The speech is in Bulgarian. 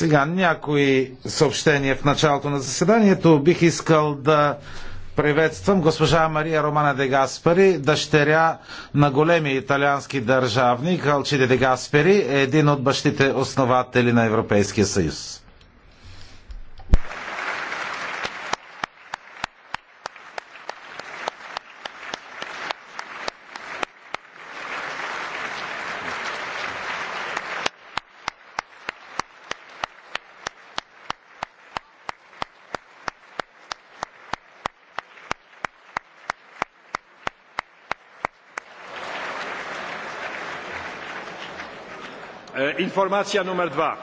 Сега някои съобщения в началото на заседанието. Бих искал да приветствам госпожа Мария Романа де Гаспери, дъщеря на големия италиански държавник Алчиде де Гаспери, един от бащите основатели на Европейския съюз. Е, информация номер 2.